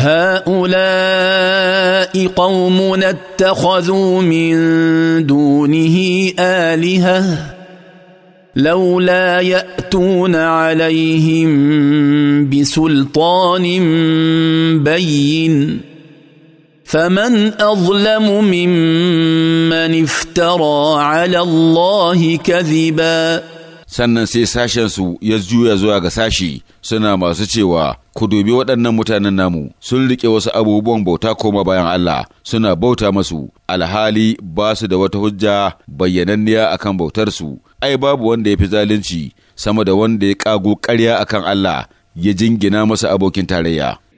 هؤلاء قومنا اتخذوا من دونه الهه لولا ياتون عليهم بسلطان بين فمن اظلم ممن افترى على الله كذبا sannan سي sashensu يزجو juya zuwa ga sashi suna ku dubi waɗannan mutanen namu sun riƙe wasu abubuwan bauta koma bayan Allah suna bauta masu alhali ba su da wata hujja bayyananniya akan bautarsu ai babu wanda ya fi zalunci sama da wanda ya ƙago ƙarya akan Allah ya jingina masa abokin tarayya